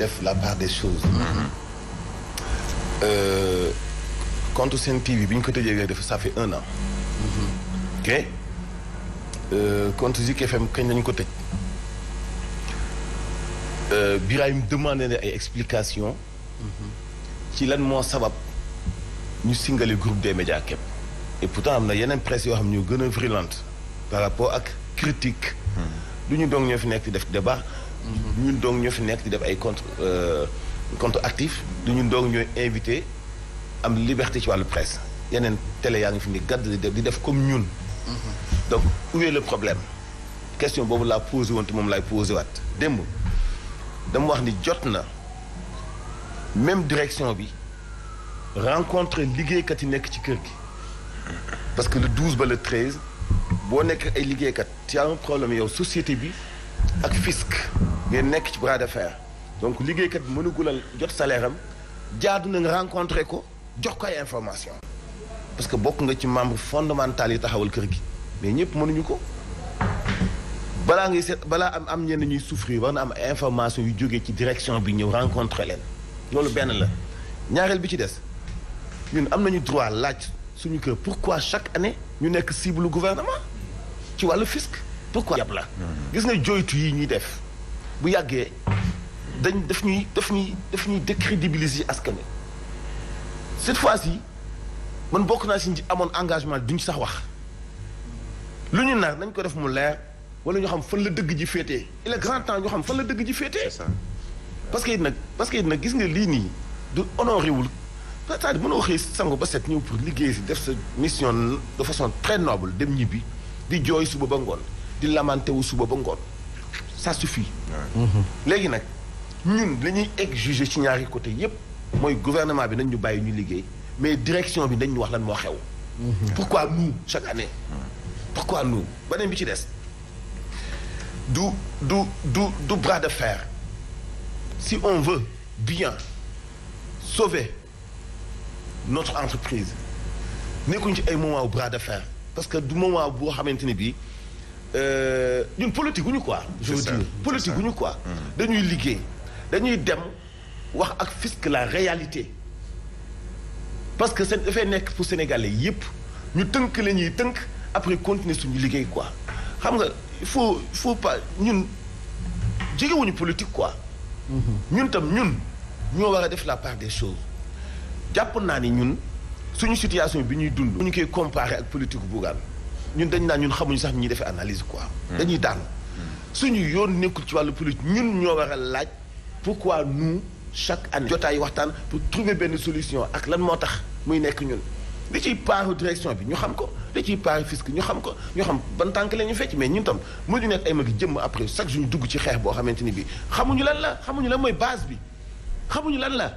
def la part des choses. Euh, compte Sen TV bi ñu ko tëjee def ça fait un an. ok euh, compte Zik FM kañ lañu ko tëj. Euh, Birahim demandé na ay explications. ci lan moo sabab ñu singale groupe de média képp. et pourtant am na yeneen presse yoo xam ñu gën a virulente par rapport ak critique hmm. du ñu dong ñoo fi nekk def débat. ñun donc ñoo fi nekk di def ay compte euh, contre actif du ñun donc ñooy invité am liberté ci wàll presse yeneen télé yaa ngi fi ni gàdd di def di def comme ñun mhm. donc où est problème question boobu laa posé woon te moom laay posé waat démb dama wax ni jot na même direction bi rencontre liggéeykat yi nekk ci kër gi parce que le 12 ba le 13 boo nekk ay liggéeykat ci am problème yow société bi ak fisc ngeen nekk ci bras de fer donc liggéeykat bi mënagul jot saleeram am jaadu na nga rencontré ko jox ko ay information parce que bokk nga ci membre fondamental yi taxawal kër gi mais ñëpp mënuñu ko balaa ngi seet balaa am am ñenn ñuy souffrir war na am information yu jóge ci direction bi ñëw rencontré leen loolu benn la ñaareel bi ci des ñun am nañu droit laaj suñu kër pourquoi chaque année ñu nekk cible gouvernement ci wàllu fisc pourquoi yab la mm-hmm. gis nga joytu yi ñuy def bu yàggee dañ daf ñuy def ñuy daf ñuy décrédibiliser askan wi cette fois yi man bokk naa si amoon engagement duñ sax wax lu ñu nar nañ ko def mu leer wala ñoo xam fan la dëgg ji féetee il est grand temps ñu xam fan la dëgg ji féetee parce que it nag parce que it nag gis nga lii nii du honoré wul c'est-à-dire mënoo xëy sangu ba set ñëw pour liggéey si def sa mission de façon très noble dem ñibbi di jooy suba ba ngoon di lamenté wu suba ba ngoon ça suffit. léegi nag ñun la ñuy ci ñaari côté yépp mooy gouvernement bi nañ ñu bàyyi ñu liggéey mais direction bi nañ wax lan moo xew. Mhm. pourquoi nous chaque année. pourquoi nous beneen bi ci des du du du du bras de fer si on veut bien sauver notre entreprise nekkuñ ci ay moment bras de fer parce que du moment boo xamante ni bii. Euh, ñun politique gu ñu quoi. je veux dire ñu quoi. dañuy liggéey dañuy dem wax ak fisc la réalité parce que seen dafay nekk pour sénégalais yëpp ñu tënk la ñuy tënk après continuer suñu liggéey quoi xam nga il faut il ñun jegewuñu politique quoi. ñun tam ñun ñoo war a def la part des choses jàpp naa ni ñun suñu situation bi ñuy dund. bu ñu koy comparer ak politique bu ñun dañ naan ñun xamuñu sax ñuy defee analyse koi dañuy mm. daanu. suñu yoon nekkul ci wàllu politique ñun ñoo waral laaj pour pourquoi nous chaque année. jotaay waxtaan pour trouver benn solution ak lan moo tax muy nekk ñun. li ciy paaru direction bi ñu xam ko li ciy paaru fisc ñu xam ko ñu xam ban tànk la ñu fecc mais ñun tam ñu nekk ay mag jëmm après chaque jour ñu dugg ci xeex boo xamante ni bii xamuñu lan la xamuñu lan mooy base bi xamuñu lan la.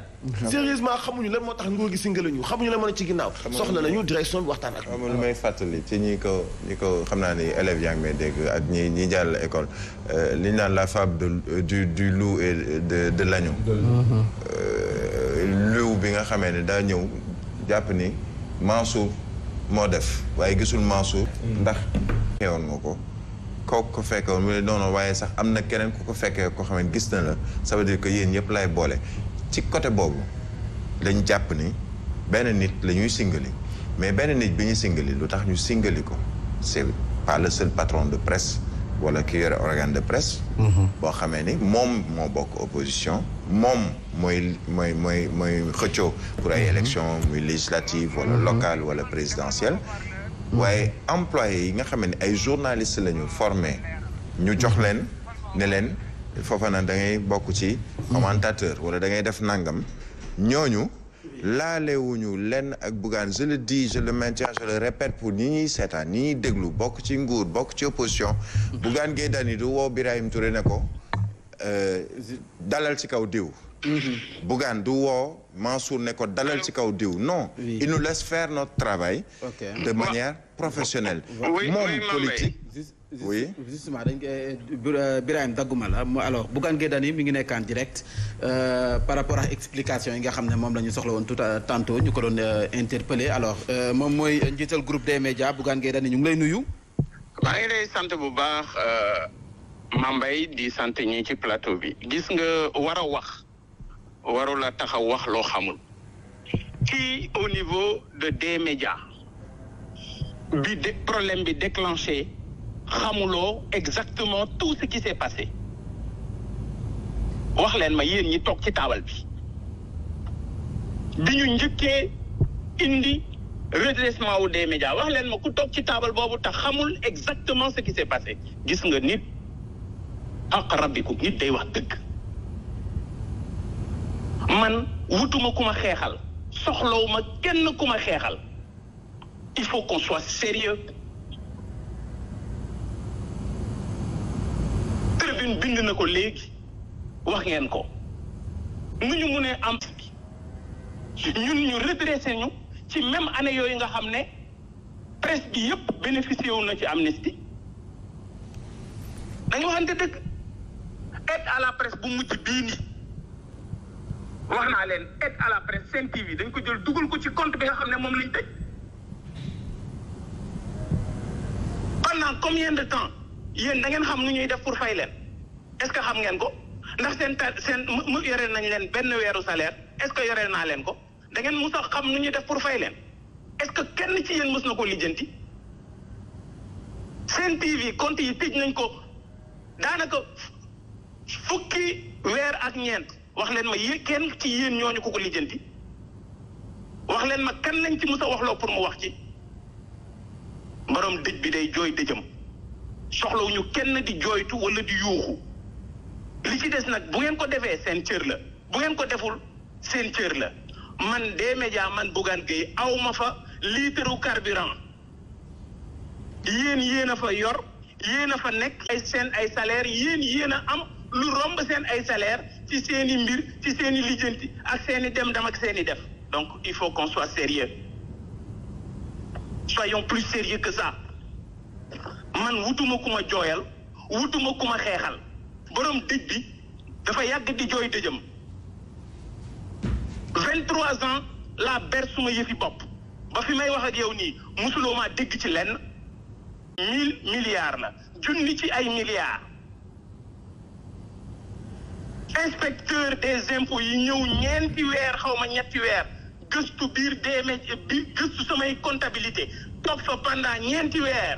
sérieusement xamuñu lan moo tax nguur gi singale ñu xamuñu lan moo ne ci ginnaaw. soxla nañu direction bi waxtaan ak. lu may fàttali ci ñi ko ñi ko xam naa ni élèves yaa ngi dégg ak ñi ñi jàll école euh, li ñu naan la fable du du loup et de de l'agneau. Mm-hmm. Euh, bi nga xamee ne daa ñëw jàpp ni Mansour moo def waaye gisul Mansour. Mm. ndax xewoon nga ko. kooku ko fekkoon mu ne non waaye sax am na keneen ku ko fekkee koo xam ne gis na la sa veut dire que yéen ñëpp lay boole. ci côté boobu lañ jàpp ni benn nit la ñuy singali mais benn nit bi ñu singali lu tax ñu singali ko c'est pas le seul patron de presse wala ki yore organe de presse mhm. boo xamee ni moom moo bokk opposition moom mooy mooy mooy mooy xëccoo pour ay mhm. élection muy législative wala mhm. locale wala présidentielle waaye employé yi nga xamee ni ay journalistes lañu ñu ñu jox leen ne leen foofa na dangay ngay bokk ci commentateur wala dangay def nangam ñooñu laalewuñu lenn ak Bougane je le dis je le maintiens je le répète pour ñi ñuy seetaan ñi ñuy déglu bokk ci nguur bokk ci opposition Bougane Gueye ni du woo Birahim Touré ne ko euh, dalal ci kaw diw mhm. Bougane du woo Mansour ne ko dalal ci kaw diw non il nous laisse faire notre travail de manière professionnelle moom politique oui justement dañ koy eh, eh, dagguma la alors Bougane Gueye Dany mi ngi nekkaan direct euh, par rapport ak explication yi nga xam ne moom la ñu soxla woon tout tantôt ñu ko doon euh, interpellé alors euh, moom mooy njiital groupe des médias Bougane Gueye Dany ñu ngi lay nuyu. maa ngi lay sant bu baax ma Mambay di sant ñi ci plateau bi. gis nga war a wax warula taxaw wax loo xamul. ci au niveau de des médias bi de problème bi déclenché. xamuloo exactement tout ce qui s'est passé wax leen ma yéen ñi toog ci taabal bi bi ñu njëkkee indi redressement wu des médias wax leen ma ku toog ci taabal boobu tax xamul exactement ce qui s'est passé gis nga nit ak rabbikum nit day wax dëgg man wutuma ku ma xeexal ma kenn ku ma xeexal il faut qu'on soit sérieux Alioune bind na ko léegi wax ngeen ko nu ñu mënee am ñun ñu redressé ñu ci même année yooyu nga xam ne presse bi yëpp bénéficié wu na ci amnistie dañu waxante dëgg aide à la presse bu mujj bii wax naa leen aide à la presse Sen TV dañ ko jël dugal ko ci compte bi nga xam ne moom lañ tëj pendant combien de temps yéen da ngeen xam nu ñuy def pour fay leen est-ce que xam ngeen ko ndax seen ta seen mu yore nañ leen benn weeru salaire est-ce que yoreel naa leen ko da ngeen mos a xam nu ñuy def pour fay leen est-ce que kenn ci yéen mos na ko lijjanti seen TV compte yi tëj nañ ko daanaka fukki weer ak ñeent wax leen ma yé kenn ci yéen ñooñu ko ko lijjanti wax leen ma kan lañ ci mos a waxloo pour mu wax ci borom dëj bi day jooy dëjëm soxlawuñu kenn di jooytu wala di yuuxu li ci des nag bu ngeen ko defee seen cër la bu ngeen ko deful seen cër la man des médias man Bougane Gueye aw ma fa litre carburant yéen yéen a fa yor yéen a fa nekk seen ay salaire yéen yéen a am lu romb seen ay salaire ci seeni mbir ci seen i lijjanti ak seeni i dem dam ak seen i def donc il faut qu'on soit sérieux soyons plus sérieux que ça man wutuma ku jooyal wutuma ku xeexal borom dëj bi dafa yàgg di jooy dëjëm vingt trois ans laa ber suma yëfi bopp ba fi may wax yow nii musuloo maa dégg ci lenn mille milliards la junni ci ay milliards inspecteur des impôts yi ñëw ñeenti weer xaw ma ñetti weer gëstu biir déemé bi gëstu samay comptabilité toog fa pendant ñeenti weer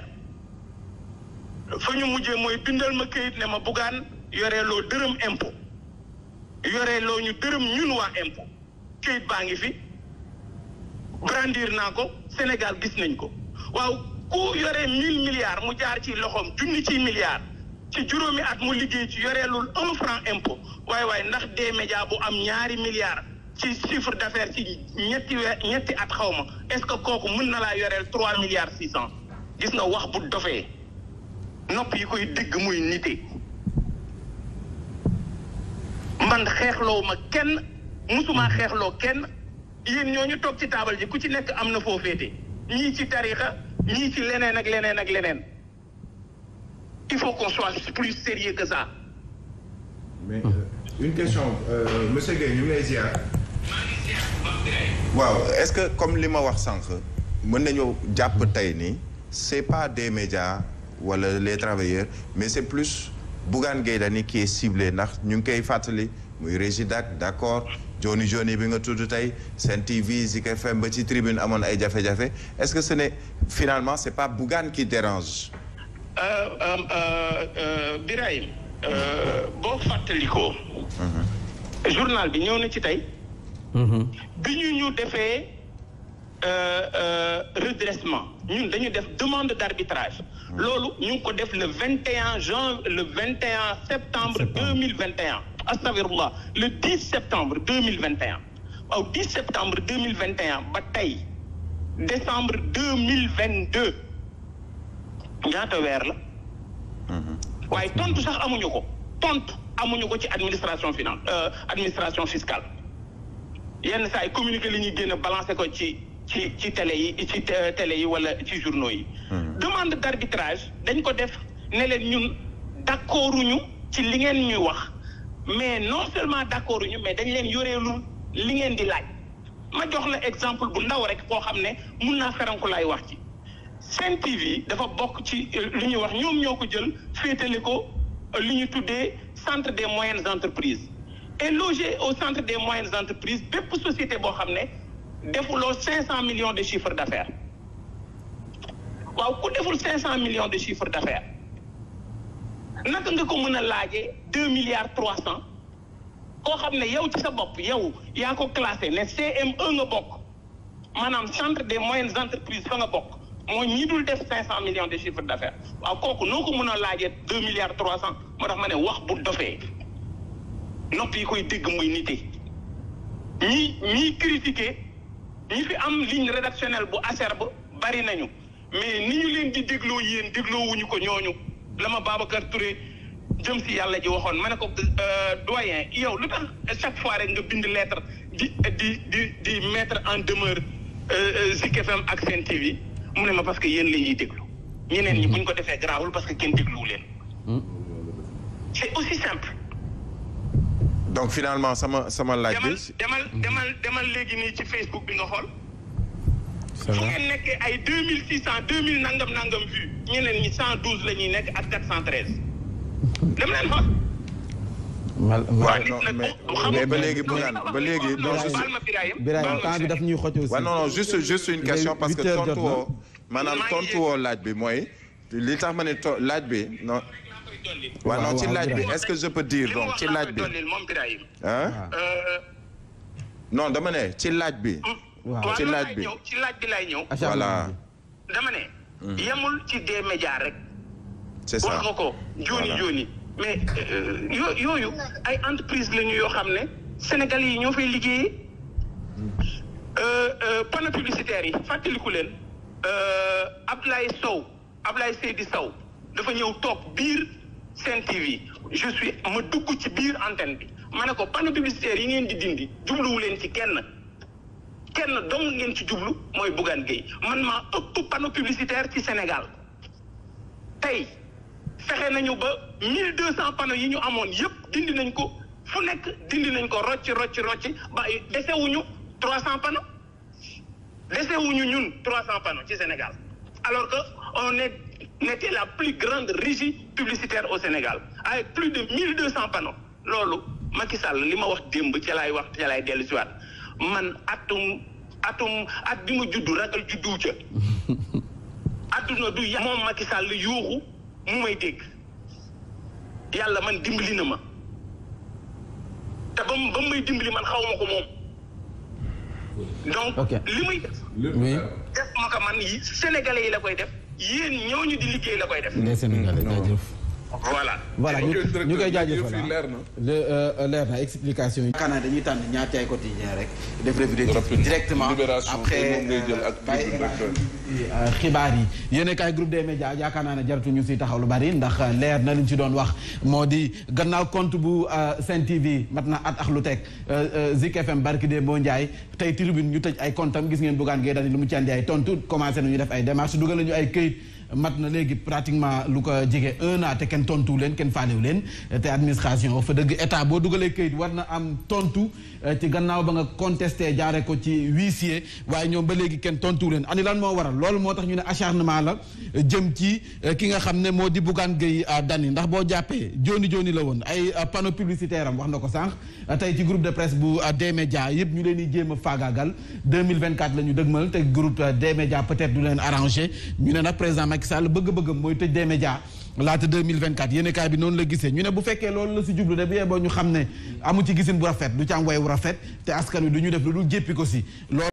fa ñu mujjee mooy bindal ma këyit ne ma bugaan yoreeloo dërëm impôt yoreeloo ñu dërëm ñun waa impôt këyit baa ngi fi brandir naa ko Sénégal gis nañ ko waaw ku yore mille milliards mu jaar ci loxoom junni ci milliards ci juróomi at mu liggéey ci yoreelul un franc impôt waaye waaye ndax des médias bu am ñaari milliards ci chiffre d'affaires ci ñetti weer ñetti at xaw ma est-ce que kooku mën na laa yoreel trois milliards six gis nga wax bu dofee nopp yi koy dégg muy nite man xeexloo ma kenn musumaa mhm. xeexloo kenn yéen ñooñu toog ci taabal ji ku ci nekk am na foo féete ñii ci tarixa ñii ci leneen ak leneen ak leneen il faut qu'on soit plus sérieux que euh, euh, waaw est-ce que comme li ma wax sànq mën nañu jàpp tey nii c'est pas des médias wala les travailleurs mais c'est plus Bougane Guèye Dany qui est ciblé ndax ñu ngi koy fàttali. muy Régidac d'accord joni joni bi nga tudd tey Sen TV Zik FM ba ci tribune amoon ay jafe-jafe est-ce que ce n'est finalement c'est pas Bougane qui dérange euh, euh, euh, Birahim boo fàttalikoo mhm. journal bi ñëw na ci tey mhm. bi ñu ñu defee redressement ñun dañu def demande d'arbitrage mhm. loolu ñu ngi ko def le 21 janvier le 21 septembre astafirullah le 10 septembre 2021 waaw 10 septembre 2021 ba tey décembre 2022 ñaata weer la mhm. waaye tontu sax amuñu ko tontu amuñu ko ci administration finance euh, administration fiscale yenn saa yi communiqué li ñuy génn balancé ko ci ci ci télé yi ci télé yi wala ci journaux yi mhm. demande d'arbitrage dañ ko def ne leen ñun d'accorduñu ci li ngeen ñuy wax mais non seulement d'accord ñu mais dañ leen yoreelu li ngeen di laaj ma jox la exemple bu ndaw rek koo xam ne mun naa feranku laay wax ci Sen TV dafa bokk ci euh, lu ñuy wax ñoom ñoo ko jël féetale ko euh, lu ñu tuddee centre des moyennes entreprises et logé au centre des moyennes entreprises bépp société boo xam ne defuloo cinq cent millions de chiffre d'affaires waaw ku deful cinq cent millions de chiffre d'affaires naka nga ko mën a laajee deux milliards trois cent koo xam ne yow ci sa bopp yow yaa ko classé ne CM1 e nga bokk maanaam centre des moyennes entreprises fa nga bokk mooy ñi dul def cinq cent millions de chiffre d'affaires waaw kooku noo ko mën a laajee deux milliards trois cent moo tax ma ne wax bu yi koy dégg muy nite ñi ñiy critiquer ñi fi am ligne rédactionnelle bu acerbe bari nañu mais ni ñu leen di dégloo yéen dégloo wuñu ko ñooñu la ma Babacar Touré jëm si yàlla ji waxoon ma ne ko euh, doyen yow lu tax chaque fois rek nga bind lettre di di di di mettre en demeure euh, euh, Zik FM ak sentive TV mu ne ma parce que yéen la ñuy déglu ñeneen ñi ñu ko defee garaawul parce que kenn dégluwu leen hmm? c'est aussi simple donc finalement sama sama laaj bi demal demal demal léegi nii ci Facebook bi nga xool ñu ngeen nekk ay deux mille six cent deux mille nekk ak quatre cent treize dem leen xool mal ba léegi ba léegi. Birahim temps bi daf ñuy xoj aussi. waaw non parce que tontu woo maanaam tontu woo laaj bi mooy li tax ma laaj bi non. laaj bi est que je donc ci laaj bi. ah euh, non dama ne ci laaj bi. Mm. waaw ci laaj bi ñëw ci laaj bi ñëw. voilà dama ne. Hmm. yemul ci des médias rek. c'est ça wax nga ko jooni jooni mais euh, yooyu ay entreprise lañu yoo xam ne Sénégalais yi ñoo fay liggéeyee euh, euh, panneau yi fàttaliku leen Ablaye Sow Ablaye Seydi Sow dafa ñëw toog biir Sen TV je suis ma dugg ci biir antenne bi ma ne ko panneau publicitaire yi ngeen di dindi jubluwu leen ci kenn. kenn dong ngeen ci jublu mooy Bougane Gueye man maa ëpp panneau publicitaire ci Sénégal tey fexe nañu ba mille deux cent panneaux yi ñu amoon yépp dindi nañ ko fu nekk dindi nañ ko rocci rocci rocci ba desewuñu trois cent panneaux desewuñu ñun trois cent panneaux ci Sénégal alors que on est on était la plus grande régie publicitaire au Sénégal avec plus de mille deux cent panneaux loolu Macky Sall li ma wax démb ca laay wax ca laay dellusiwaat man atum atum at bi ma juddu ragal juddu ca adduna du yàlla moom Macky Sall yuuxu mu may dégg yàlla man dimbali na ma te ba mu ba may dimbali man xaw ma ko moom. donc li muy def. ma ko man yi Sénégalais yi la koy def yéen ñëw ñu di liggéey la koy def. les Sénégalais jaajëf. voilà voilà ñu koy jaajëfal ah. leer na euh, leer na explication yi. xanaa dañuy tànn ñaar ci ay quotidien rek def revue directement après euh, xibaar yi yéen kay groupe des média yaakaar naa ne jaratu ñu si taxaw lu bari ndax euh, leer na liñ si doon wax moo di gannaaw compte bu Sen TV mat na at ak lu teg Zik FM barki de moo Ndiaye tey tribune ñu tëj ay compte am gis ngeen bugaan gee daal lu mu ci andi ay tontu commencé nañu def ay démarches dugal nañu ay këyit mat na léegi pratiquement lu ko jege un an te kenn tontu leen kenn faalewu leen te administration fa dëgg état boo dugalee këyit war na am tontu eh, ci gannaaw ba nga contesté jaare ko ci huissier waaye ñoom ba léegi kenn tontu leen ani lan moo waral loolu moo tax ñu ne acharnement la eh, jëm ci eh, ki nga xam ne moo di Bougane Gueye Dany ndax boo jàppee jooni jooni la woon ay panneau publicitaire am wax na ko sànq tey ci groupe de presse bu D-Média yëpp ñu leen di jéem a faagaagal 2024 la ñu dëgmal te groupe D-Média peut-être du leen arrangé ñu ne nag président Macky Sall bëgg mooy tëj des médias laata 2024 yéen kaay bi noonu la gisee ñu ne bu fekkee loolu la si jublu de bu yeboo ñu xam ne amu ci gisin bu rafet du ci am wu rafet te askan wi du ñu def lu dul jéppi ko si